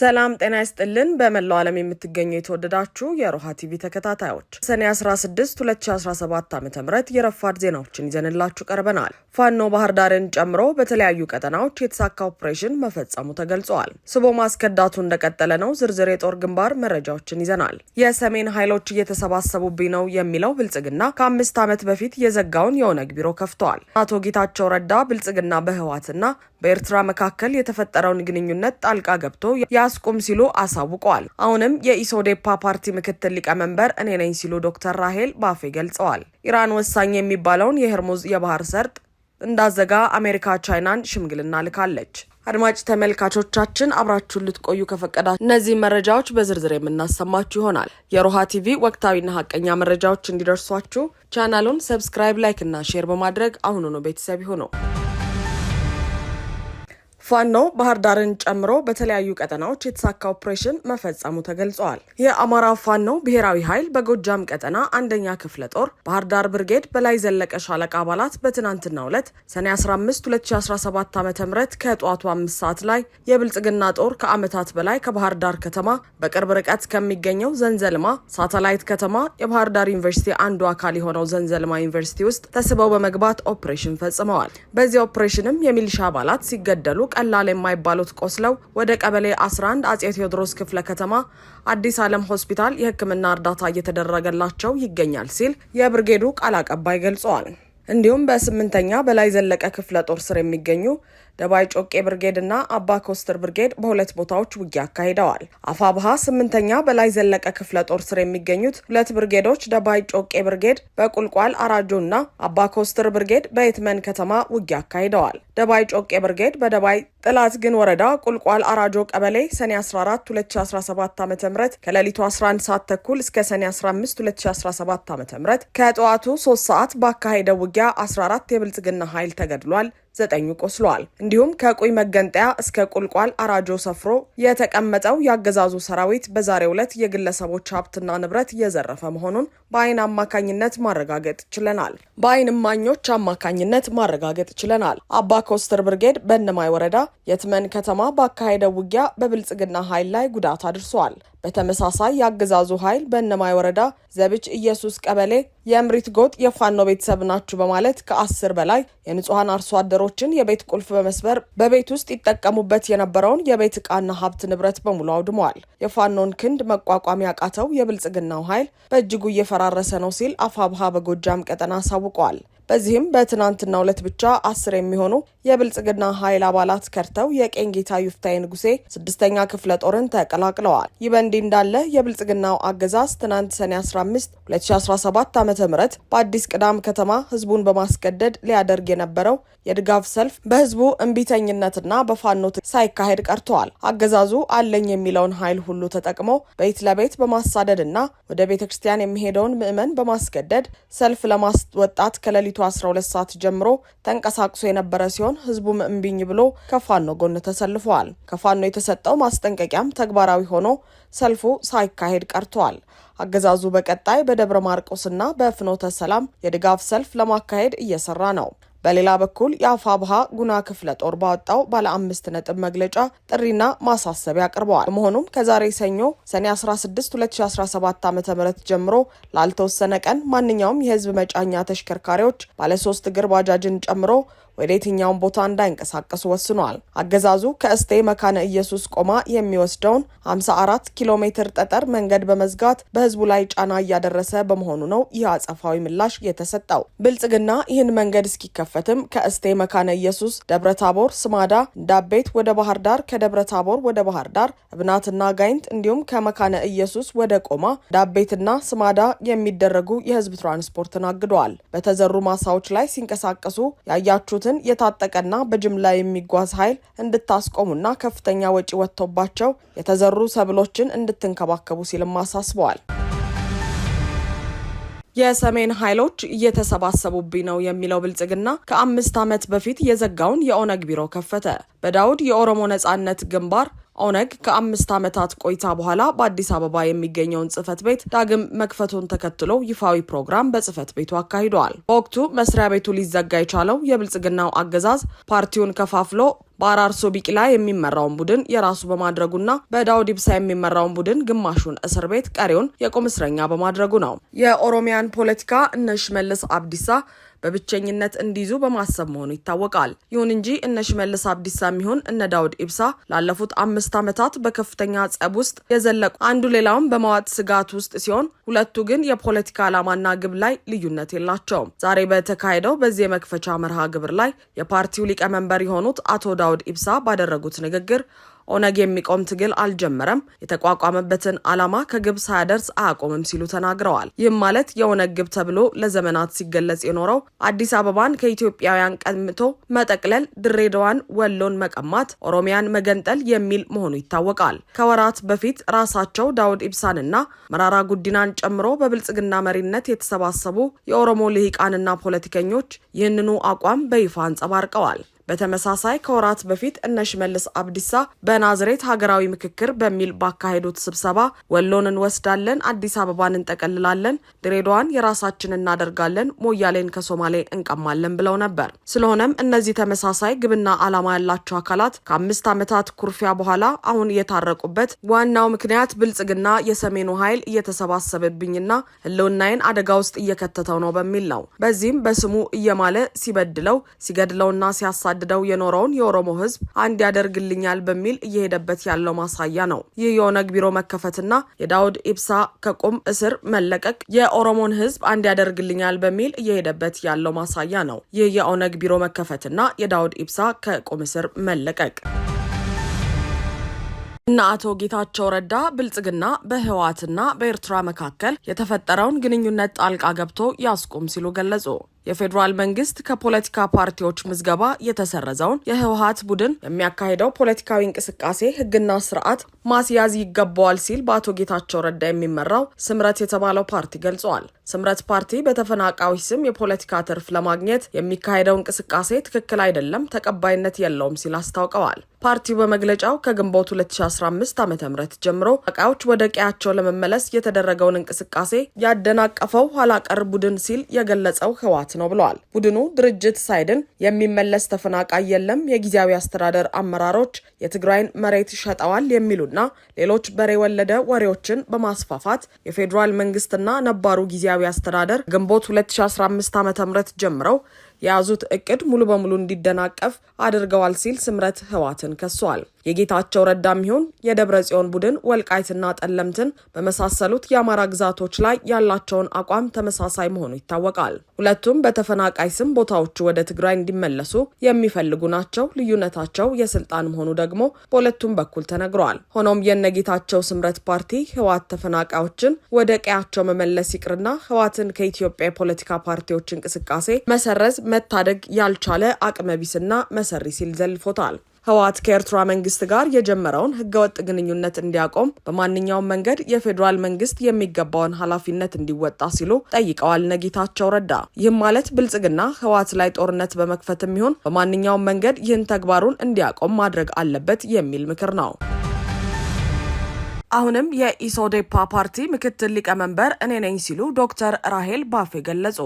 ሰላም ጤና ይስጥልን። በመላው ዓለም የምትገኙ የተወደዳችሁ የሮሃ ቲቪ ተከታታዮች ሰኔ 16 2017 ዓ ም የረፋድ ዜናዎችን ይዘንላችሁ ቀርበናል። ፋኖ ባህር ዳርን ጨምሮ በተለያዩ ቀጠናዎች የተሳካ ኦፕሬሽን መፈጸሙ ተገልጿል። ስቦ ማስከዳቱ እንደቀጠለ ነው። ዝርዝር የጦር ግንባር መረጃዎችን ይዘናል። የሰሜን ኃይሎች እየተሰባሰቡብኝ ነው የሚለው ብልጽግና ከአምስት ዓመት በፊት የዘጋውን የኦነግ ቢሮ ከፍተዋል። አቶ ጌታቸው ረዳ ብልጽግና በህወሓትና በኤርትራ መካከል የተፈጠረውን ግንኙነት ጣልቃ ገብቶ ያስቁም ሲሉ አሳውቀዋል። አሁንም የኢሶዴፓ ፓርቲ ምክትል ሊቀመንበር እኔ ነኝ ሲሉ ዶክተር ራሄል ባፌ ገልጸዋል። ኢራን ወሳኝ የሚባለውን የህርሙዝ የባህር ሰርጥ እንዳዘጋ አሜሪካ ቻይናን ሽምግልና ልካለች። አድማጭ ተመልካቾቻችን አብራችሁን ልትቆዩ ከፈቀዳ እነዚህ መረጃዎች በዝርዝር የምናሰማችሁ ይሆናል። የሮሃ ቲቪ ወቅታዊና ሀቀኛ መረጃዎች እንዲደርሷችሁ ቻናሉን ሰብስክራይብ፣ ላይክ እና ሼር በማድረግ አሁኑኑ ቤተሰብ ይሁኑ። ፋኖ ባህር ዳርን ጨምሮ በተለያዩ ቀጠናዎች የተሳካ ኦፕሬሽን መፈጸሙ ተገልጸዋል። የአማራ ፋኖ ብሔራዊ ኃይል በጎጃም ቀጠና አንደኛ ክፍለ ጦር ባህር ዳር ብርጌድ በላይ ዘለቀ ሻለቃ አባላት በትናንትናው ዕለት ሰኔ 15 2017 ዓ ም ከጠዋቱ አምስት ሰዓት ላይ የብልጽግና ጦር ከዓመታት በላይ ከባህር ዳር ከተማ በቅርብ ርቀት ከሚገኘው ዘንዘልማ ሳተላይት ከተማ የባህር ዳር ዩኒቨርሲቲ አንዱ አካል የሆነው ዘንዘልማ ዩኒቨርሲቲ ውስጥ ተስበው በመግባት ኦፕሬሽን ፈጽመዋል። በዚህ ኦፕሬሽንም የሚሊሻ አባላት ሲገደሉ ቀላል የማይባሉት ቆስለው ወደ ቀበሌ 11 አጼ ቴዎድሮስ ክፍለ ከተማ አዲስ ዓለም ሆስፒታል የሕክምና እርዳታ እየተደረገላቸው ይገኛል ሲል የብርጌዱ ቃል አቀባይ ገልጸዋል። እንዲሁም በስምንተኛ በላይ ዘለቀ ክፍለ ጦር ስር የሚገኙ ደባይ ጮቄ ብርጌድ እና አባ ኮስተር ብርጌድ በሁለት ቦታዎች ውጊያ አካሂደዋል። አፋብሃ ስምንተኛ በላይ ዘለቀ ክፍለ ጦር ስር የሚገኙት ሁለት ብርጌዶች ደባይ ጮቄ ብርጌድ በቁልቋል አራጆ እና አባ ኮስተር ብርጌድ በየትመን ከተማ ውጊያ አካሂደዋል። ደባይ ጮቄ ብርጌድ በደባይ ጥላት ግን ወረዳ ቁልቋል አራጆ ቀበሌ ሰኔ 14 2017 ዓ ም ከሌሊቱ 11 ሰዓት ተኩል እስከ ሰኔ 15 2017 ዓ ም ከጠዋቱ 3 ሰዓት ባካሄደው ውጊያ 14 የብልጽግና ኃይል ተገድሏል ዘጠኙ ቆስለዋል። እንዲሁም ከቁይ መገንጠያ እስከ ቁልቋል አራጆ ሰፍሮ የተቀመጠው የአገዛዙ ሰራዊት በዛሬው ዕለት የግለሰቦች ሀብትና ንብረት የዘረፈ መሆኑን በአይን አማካኝነት ማረጋገጥ ችለናል። በአይን እማኞች አማካኝነት ማረጋገጥ ችለናል። አባ ኮስተር ብርጌድ በእነማይ ወረዳ የትመን ከተማ ባካሄደው ውጊያ በብልጽግና ኃይል ላይ ጉዳት አድርሷል። በተመሳሳይ የአገዛዙ ኃይል በእነማይ ወረዳ ዘብች ኢየሱስ ቀበሌ የእምሪት ጎጥ የፋኖ ቤተሰብ ናችሁ በማለት ከአስር በላይ የንጹሐን አርሶ አደሮችን የቤት ቁልፍ በመስበር በቤት ውስጥ ይጠቀሙበት የነበረውን የቤት ዕቃና ሀብት ንብረት በሙሉ አውድመዋል። የፋኖን ክንድ መቋቋም ያቃተው የብልጽግናው ኃይል በእጅጉ እየፈራረሰ ነው ሲል አፋብሃ በጎጃም ቀጠና አሳውቀዋል። በዚህም በትናንትናው ዕለት ብቻ አስር የሚሆኑ የብልጽግና ኃይል አባላት ከርተው የቀኝ ጌታ ዩፍታይ ንጉሴ ስድስተኛ ክፍለ ጦርን ተቀላቅለዋል። ይህ በእንዲህ እንዳለ የብልጽግናው አገዛዝ ትናንት ሰኔ 15 2017 ዓ ም በአዲስ ቅዳም ከተማ ህዝቡን በማስገደድ ሊያደርግ የነበረው የድጋፍ ሰልፍ በህዝቡ እምቢተኝነትና በፋኖት ሳይካሄድ ቀርተዋል። አገዛዙ አለኝ የሚለውን ኃይል ሁሉ ተጠቅሞ ቤት ለቤት በማሳደድ እና ወደ ቤተ ክርስቲያን የሚሄደውን ምዕመን በማስገደድ ሰልፍ ለማስወጣት ከሌሊቱ 12 ሰዓት ጀምሮ ተንቀሳቅሶ የነበረ ሲሆን ህዝቡም እምቢኝ ብሎ ከፋኖ ጎን ተሰልፈዋል። ከፋኖ የተሰጠው ማስጠንቀቂያም ተግባራዊ ሆኖ ሰልፉ ሳይካሄድ ቀርቷል። አገዛዙ በቀጣይ በደብረ ማርቆስና በፍኖተ ሰላም የድጋፍ ሰልፍ ለማካሄድ እየሰራ ነው። በሌላ በኩል የአፋብሃ ጉና ክፍለ ጦር ባወጣው ባለ አምስት ነጥብ መግለጫ ጥሪና ማሳሰቢያ አቅርበዋል። በመሆኑም ከዛሬ ሰኞ ሰኔ 16 2017 ዓ ም ጀምሮ ላልተወሰነ ቀን ማንኛውም የህዝብ መጫኛ ተሽከርካሪዎች ባለሶስት እግር ባጃጅን ጨምሮ ወደ የትኛውም ቦታ እንዳይንቀሳቀሱ ወስኗል። አገዛዙ ከእስቴ መካነ ኢየሱስ ቆማ የሚወስደውን 54 ኪሎ ሜትር ጠጠር መንገድ በመዝጋት በህዝቡ ላይ ጫና እያደረሰ በመሆኑ ነው ይህ አጸፋዊ ምላሽ የተሰጠው። ብልጽግና ይህን መንገድ እስኪከፈትም ከእስቴ መካነ ኢየሱስ፣ ደብረ ታቦር፣ ስማዳ፣ ዳቤት ወደ ባህር ዳር፣ ከደብረ ታቦር ወደ ባህር ዳር፣ እብናትና ጋይንት እንዲሁም ከመካነ ኢየሱስ ወደ ቆማ፣ ዳቤትና ስማዳ የሚደረጉ የህዝብ ትራንስፖርትን አግደዋል። በተዘሩ ማሳዎች ላይ ሲንቀሳቀሱ ያያችሁትን ህወሓትን የታጠቀና በጅምላ የሚጓዝ ኃይል እንድታስቆሙና ከፍተኛ ወጪ ወጥቶባቸው የተዘሩ ሰብሎችን እንድትንከባከቡ ሲልም አሳስበዋል። የሰሜን ኃይሎች እየተሰባሰቡብኝ ነው የሚለው ብልጽግና ከአምስት ዓመት በፊት የዘጋውን የኦነግ ቢሮ ከፈተ። በዳውድ የኦሮሞ ነጻነት ግንባር ኦነግ ከአምስት ዓመታት ቆይታ በኋላ በአዲስ አበባ የሚገኘውን ጽህፈት ቤት ዳግም መክፈቱን ተከትሎ ይፋዊ ፕሮግራም በጽህፈት ቤቱ አካሂደዋል። በወቅቱ መስሪያ ቤቱ ሊዘጋ የቻለው የብልጽግናው አገዛዝ ፓርቲውን ከፋፍሎ በአራርሶ ቢቂላ የሚመራውን ቡድን የራሱ በማድረጉና በዳውድ ኢብሳ የሚመራውን ቡድን ግማሹን እስር ቤት ቀሪውን የቁም እስረኛ በማድረጉ ነው። የኦሮሚያን ፖለቲካ እነ ሽመልስ አብዲሳ በብቸኝነት እንዲይዙ በማሰብ መሆኑ ይታወቃል። ይሁን እንጂ እነ ሽመልስ አብዲሳ የሚሆን እነ ዳውድ ኢብሳ ላለፉት አምስት ዓመታት በከፍተኛ ጸብ ውስጥ የዘለቁ አንዱ ሌላውን በማዋጥ ስጋት ውስጥ ሲሆን፣ ሁለቱ ግን የፖለቲካ ዓላማና ግብ ላይ ልዩነት የላቸውም። ዛሬ በተካሄደው በዚህ የመክፈቻ መርሃ ግብር ላይ የፓርቲው ሊቀመንበር የሆኑት አቶ ዳውድ ኢብሳ ባደረጉት ንግግር ኦነግ የሚቆም ትግል አልጀመረም፣ የተቋቋመበትን ዓላማ ከግብ ሳያደርስ አያቆምም ሲሉ ተናግረዋል። ይህም ማለት የኦነግ ግብ ተብሎ ለዘመናት ሲገለጽ የኖረው አዲስ አበባን ከኢትዮጵያውያን ቀምቶ መጠቅለል፣ ድሬዳዋን፣ ወሎን መቀማት፣ ኦሮሚያን መገንጠል የሚል መሆኑ ይታወቃል። ከወራት በፊት ራሳቸው ዳውድ ኢብሳንና መራራ ጉዲናን ጨምሮ በብልጽግና መሪነት የተሰባሰቡ የኦሮሞ ልሂቃንና ፖለቲከኞች ይህንኑ አቋም በይፋ አንጸባርቀዋል። በተመሳሳይ ከወራት በፊት እነ ሽመልስ አብዲሳ በናዝሬት ሀገራዊ ምክክር በሚል ባካሄዱት ስብሰባ ወሎን እንወስዳለን፣ አዲስ አበባን እንጠቀልላለን፣ ድሬዳዋን የራሳችን እናደርጋለን፣ ሞያሌን ከሶማሌ እንቀማለን ብለው ነበር። ስለሆነም እነዚህ ተመሳሳይ ግብና ዓላማ ያላቸው አካላት ከአምስት ዓመታት ኩርፊያ በኋላ አሁን የታረቁበት ዋናው ምክንያት ብልጽግና የሰሜኑ ኃይል እየተሰባሰበብኝና ህልውናዬን አደጋ ውስጥ እየከተተው ነው በሚል ነው። በዚህም በስሙ እየማለ ሲበድለው ሲገድለውና ሲያሳ ሲያሳድደው የኖረውን የኦሮሞ ህዝብ አንድ ያደርግልኛል በሚል እየሄደበት ያለው ማሳያ ነው። ይህ የኦነግ ቢሮ መከፈትና የዳውድ ኢብሳ ከቁም እስር መለቀቅ የኦሮሞን ህዝብ አንድ ያደርግልኛል በሚል እየሄደበት ያለው ማሳያ ነው። ይህ የኦነግ ቢሮ መከፈትና የዳውድ ኢብሳ ከቁም እስር መለቀቅ እና አቶ ጌታቸው ረዳ ብልጽግና በህወሓትና በኤርትራ መካከል የተፈጠረውን ግንኙነት ጣልቃ ገብቶ ያስቁም ሲሉ ገለጹ። የፌዴራል መንግስት ከፖለቲካ ፓርቲዎች ምዝገባ የተሰረዘውን የህወሀት ቡድን የሚያካሂደው ፖለቲካዊ እንቅስቃሴ ህግና ስርዓት ማስያዝ ይገባዋል ሲል በአቶ ጌታቸው ረዳ የሚመራው ስምረት የተባለው ፓርቲ ገልጸዋል። ስምረት ፓርቲ በተፈናቃዊ ስም የፖለቲካ ትርፍ ለማግኘት የሚካሄደው እንቅስቃሴ ትክክል አይደለም፣ ተቀባይነት የለውም ሲል አስታውቀዋል። ፓርቲው በመግለጫው ከግንቦት 2015 ዓ ም ጀምሮ ቃዎች ወደ ቀያቸው ለመመለስ የተደረገውን እንቅስቃሴ ያደናቀፈው ኋላቀር ቡድን ሲል የገለጸው ህወሀት መግባት ነው ብለዋል። ቡድኑ ድርጅት ሳይድን የሚመለስ ተፈናቃይ የለም፣ የጊዜያዊ አስተዳደር አመራሮች የትግራይን መሬት ሸጠዋል የሚሉና ሌሎች በሬ ወለደ ወሬዎችን በማስፋፋት የፌዴራል መንግስትና ነባሩ ጊዜያዊ አስተዳደር ግንቦት 2015 ዓ ም ጀምረው የያዙት እቅድ ሙሉ በሙሉ እንዲደናቀፍ አድርገዋል ሲል ስምረት ህዋትን ከሷል። የጌታቸው ረዳም ይሁን የደብረ ጽዮን ቡድን ወልቃይትና ጠለምትን በመሳሰሉት የአማራ ግዛቶች ላይ ያላቸውን አቋም ተመሳሳይ መሆኑ ይታወቃል። ሁለቱም በተፈናቃይ ስም ቦታዎቹ ወደ ትግራይ እንዲመለሱ የሚፈልጉ ናቸው። ልዩነታቸው የስልጣን መሆኑ ደግሞ በሁለቱም በኩል ተነግሯል። ሆኖም የነጌታቸው ስምረት ፓርቲ ህወሓት ተፈናቃዮችን ወደ ቀያቸው መመለስ ይቅርና ህወሓትን ከኢትዮጵያ የፖለቲካ ፓርቲዎች እንቅስቃሴ መሰረዝ መታደግ ያልቻለ አቅመቢስና መሰሪ ሲል ዘልፎታል። ህወሓት ከኤርትራ መንግስት ጋር የጀመረውን ህገወጥ ግንኙነት እንዲያቆም በማንኛውም መንገድ የፌዴራል መንግስት የሚገባውን ኃላፊነት እንዲወጣ ሲሉ ጠይቀዋል። ነጌታቸው ረዳ ይህም ማለት ብልጽግና ህወሓት ላይ ጦርነት በመክፈትም ይሁን በማንኛውም መንገድ ይህን ተግባሩን እንዲያቆም ማድረግ አለበት የሚል ምክር ነው። አሁንም የኢሶዴፓ ፓርቲ ምክትል ሊቀመንበር እኔ ነኝ ሲሉ ዶክተር ራሄል ባፌ ገለጹ።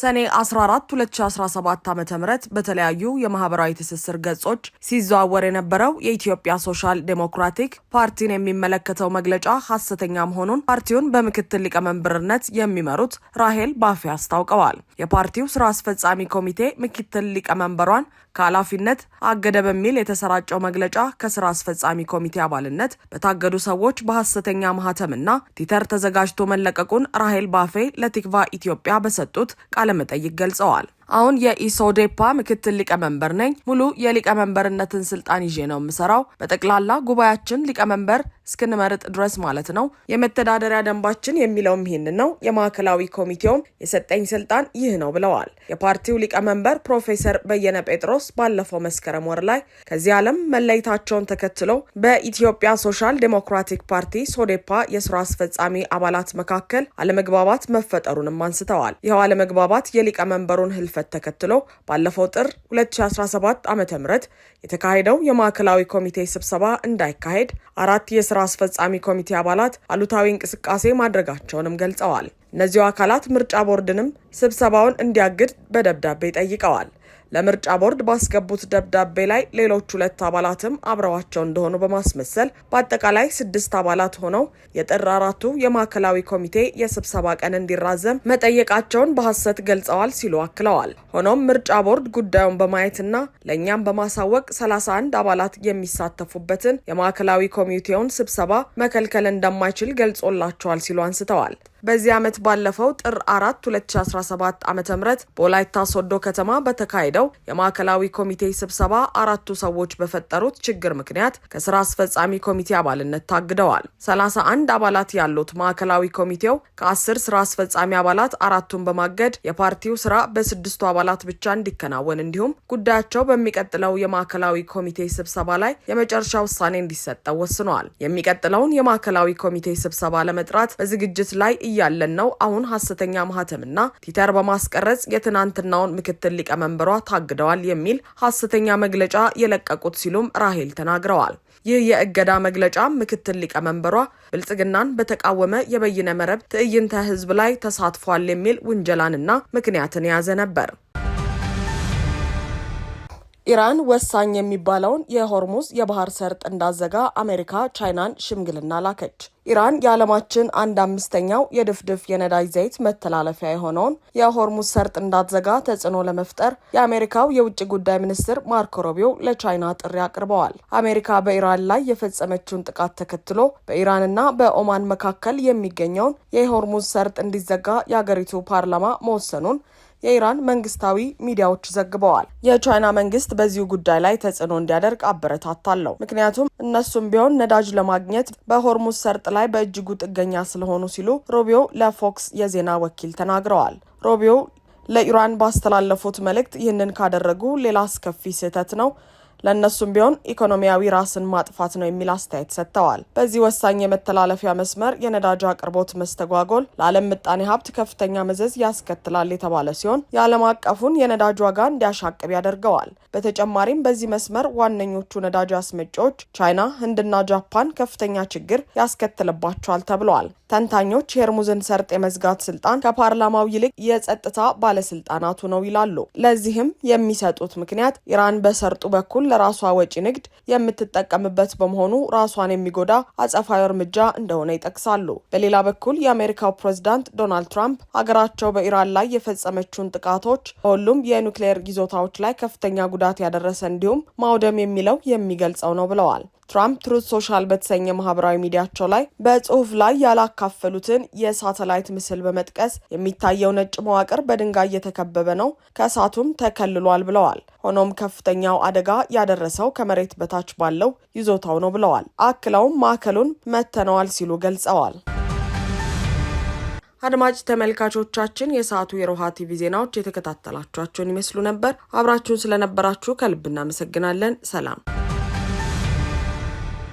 ሰኔ 14 2017 ዓ ም በተለያዩ የማህበራዊ ትስስር ገጾች ሲዘዋወር የነበረው የኢትዮጵያ ሶሻል ዴሞክራቲክ ፓርቲን የሚመለከተው መግለጫ ሐሰተኛ መሆኑን ፓርቲውን በምክትል ሊቀመንበርነት የሚመሩት ራሄል ባፌ አስታውቀዋል። የፓርቲው ስራ አስፈጻሚ ኮሚቴ ምክትል ሊቀመንበሯን ከኃላፊነት አገደ በሚል የተሰራጨው መግለጫ ከስራ አስፈጻሚ ኮሚቴ አባልነት በታገዱ ሰዎች በሐሰተኛ ማህተምና ቲተር ተዘጋጅቶ መለቀቁን ራሄል ባፌ ለቲክቫ ኢትዮጵያ በሰጡት ቃለ መጠይቅ ገልጸዋል። አሁን የኢሶዴፓ ምክትል ሊቀመንበር ነኝ። ሙሉ የሊቀመንበርነትን ስልጣን ይዤ ነው የምሰራው። በጠቅላላ ጉባኤያችን ሊቀመንበር እስክንመርጥ ድረስ ማለት ነው። የመተዳደሪያ ደንባችን የሚለውም ይህን ነው። የማዕከላዊ ኮሚቴውም የሰጠኝ ስልጣን ይህ ነው ብለዋል። የፓርቲው ሊቀመንበር ፕሮፌሰር በየነ ጴጥሮስ ባለፈው መስከረም ወር ላይ ከዚህ ዓለም መለየታቸውን ተከትሎ በኢትዮጵያ ሶሻል ዴሞክራቲክ ፓርቲ ሶዴፓ የስራ አስፈጻሚ አባላት መካከል አለመግባባት መፈጠሩንም አንስተዋል። ይኸው አለመግባባት የሊቀመንበሩን ህልፈት ሽንፈት ተከትሎ ባለፈው ጥር 2017 ዓ ም የተካሄደው የማዕከላዊ ኮሚቴ ስብሰባ እንዳይካሄድ አራት የስራ አስፈጻሚ ኮሚቴ አባላት አሉታዊ እንቅስቃሴ ማድረጋቸውንም ገልጸዋል። እነዚሁ አካላት ምርጫ ቦርድንም ስብሰባውን እንዲያግድ በደብዳቤ ጠይቀዋል። ለምርጫ ቦርድ ባስገቡት ደብዳቤ ላይ ሌሎች ሁለት አባላትም አብረዋቸው እንደሆኑ በማስመሰል በአጠቃላይ ስድስት አባላት ሆነው የጥር አራቱ የማዕከላዊ ኮሚቴ የስብሰባ ቀን እንዲራዘም መጠየቃቸውን በሐሰት ገልጸዋል ሲሉ አክለዋል። ሆኖም ምርጫ ቦርድ ጉዳዩን በማየትና ለእኛም በማሳወቅ 31 አባላት የሚሳተፉበትን የማዕከላዊ ኮሚቴውን ስብሰባ መከልከል እንደማይችል ገልጾላቸዋል ሲሉ አንስተዋል። በዚህ ዓመት ባለፈው ጥር አራት 2017 ዓ ም በወላይታ ሶዶ ከተማ በተካሄደው የማዕከላዊ ኮሚቴ ስብሰባ አራቱ ሰዎች በፈጠሩት ችግር ምክንያት ከስራ አስፈጻሚ ኮሚቴ አባልነት ታግደዋል። 31 አባላት ያሉት ማዕከላዊ ኮሚቴው ከ10 ስራ አስፈጻሚ አባላት አራቱን በማገድ የፓርቲው ስራ በስድስቱ አባላት ብቻ እንዲከናወን እንዲሁም ጉዳያቸው በሚቀጥለው የማዕከላዊ ኮሚቴ ስብሰባ ላይ የመጨረሻ ውሳኔ እንዲሰጠው ወስነዋል። የሚቀጥለውን የማዕከላዊ ኮሚቴ ስብሰባ ለመጥራት በዝግጅት ላይ እያለን ነው አሁን ሀሰተኛ ማህተምና ቲተር በማስቀረጽ የትናንትናውን ምክትል ሊቀመንበሯ ታግደዋል የሚል ሀሰተኛ መግለጫ የለቀቁት ሲሉም ራሄል ተናግረዋል። ይህ የእገዳ መግለጫ ምክትል ሊቀመንበሯ ብልጽግናን በተቃወመ የበይነ መረብ ትዕይንተ ህዝብ ላይ ተሳትፏል የሚል ውንጀላንና ምክንያትን የያዘ ነበር። ኢራን ወሳኝ የሚባለውን የሆርሙዝ የባህር ሰርጥ እንዳዘጋ አሜሪካ ቻይናን ሽምግልና ላከች። ኢራን የዓለማችን አንድ አምስተኛው የድፍድፍ የነዳጅ ዘይት መተላለፊያ የሆነውን የሆርሙዝ ሰርጥ እንዳትዘጋ ተጽዕኖ ለመፍጠር የአሜሪካው የውጭ ጉዳይ ሚኒስትር ማርኮ ሮቢዮ ለቻይና ጥሪ አቅርበዋል። አሜሪካ በኢራን ላይ የፈጸመችውን ጥቃት ተከትሎ በኢራንና በኦማን መካከል የሚገኘውን የሆርሙዝ ሰርጥ እንዲዘጋ የአገሪቱ ፓርላማ መወሰኑን የኢራን መንግስታዊ ሚዲያዎች ዘግበዋል። የቻይና መንግስት በዚሁ ጉዳይ ላይ ተጽዕኖ እንዲያደርግ አበረታታለሁ፣ ምክንያቱም እነሱም ቢሆን ነዳጅ ለማግኘት በሆርሙዝ ሰርጥ ላይ በእጅጉ ጥገኛ ስለሆኑ ሲሉ ሮቢዮ ለፎክስ የዜና ወኪል ተናግረዋል። ሮቢዮ ለኢራን ባስተላለፉት መልእክት ይህንን ካደረጉ ሌላ አስከፊ ስህተት ነው ለእነሱም ቢሆን ኢኮኖሚያዊ ራስን ማጥፋት ነው የሚል አስተያየት ሰጥተዋል። በዚህ ወሳኝ የመተላለፊያ መስመር የነዳጅ አቅርቦት መስተጓጎል ለዓለም ምጣኔ ሀብት ከፍተኛ መዘዝ ያስከትላል የተባለ ሲሆን የዓለም አቀፉን የነዳጅ ዋጋ እንዲያሻቅብ ያደርገዋል። በተጨማሪም በዚህ መስመር ዋነኞቹ ነዳጅ አስመጪዎች ቻይና፣ ህንድና ጃፓን ከፍተኛ ችግር ያስከትልባቸዋል ተብለዋል። ተንታኞች የሆርሙዝን ሰርጥ የመዝጋት ስልጣን ከፓርላማው ይልቅ የጸጥታ ባለስልጣናቱ ነው ይላሉ። ለዚህም የሚሰጡት ምክንያት ኢራን በሰርጡ በኩል ለራሷ ወጪ ንግድ የምትጠቀምበት በመሆኑ ራሷን የሚጎዳ አጸፋዊ እርምጃ እንደሆነ ይጠቅሳሉ። በሌላ በኩል የአሜሪካው ፕሬዚዳንት ዶናልድ ትራምፕ አገራቸው በኢራን ላይ የፈጸመችውን ጥቃቶች በሁሉም የኑክሌር ይዞታዎች ላይ ከፍተኛ ጉዳት ያደረሰ እንዲሁም ማውደም የሚለው የሚገልጸው ነው ብለዋል። ትራምፕ ትሩት ሶሻል በተሰኘ ማህበራዊ ሚዲያቸው ላይ በጽሁፍ ላይ ያላካፈሉትን የሳተላይት ምስል በመጥቀስ የሚታየው ነጭ መዋቅር በድንጋይ እየተከበበ ነው፣ ከእሳቱም ተከልሏል ብለዋል። ሆኖም ከፍተኛው አደጋ ያደረሰው ከመሬት በታች ባለው ይዞታው ነው ብለዋል። አክለውም ማዕከሉን መተነዋል ሲሉ ገልጸዋል። አድማጭ ተመልካቾቻችን የሰዓቱ የሮሃ ቲቪ ዜናዎች የተከታተላችኋቸውን ይመስሉ ነበር። አብራችሁን ስለነበራችሁ ከልብ እናመሰግናለን። ሰላም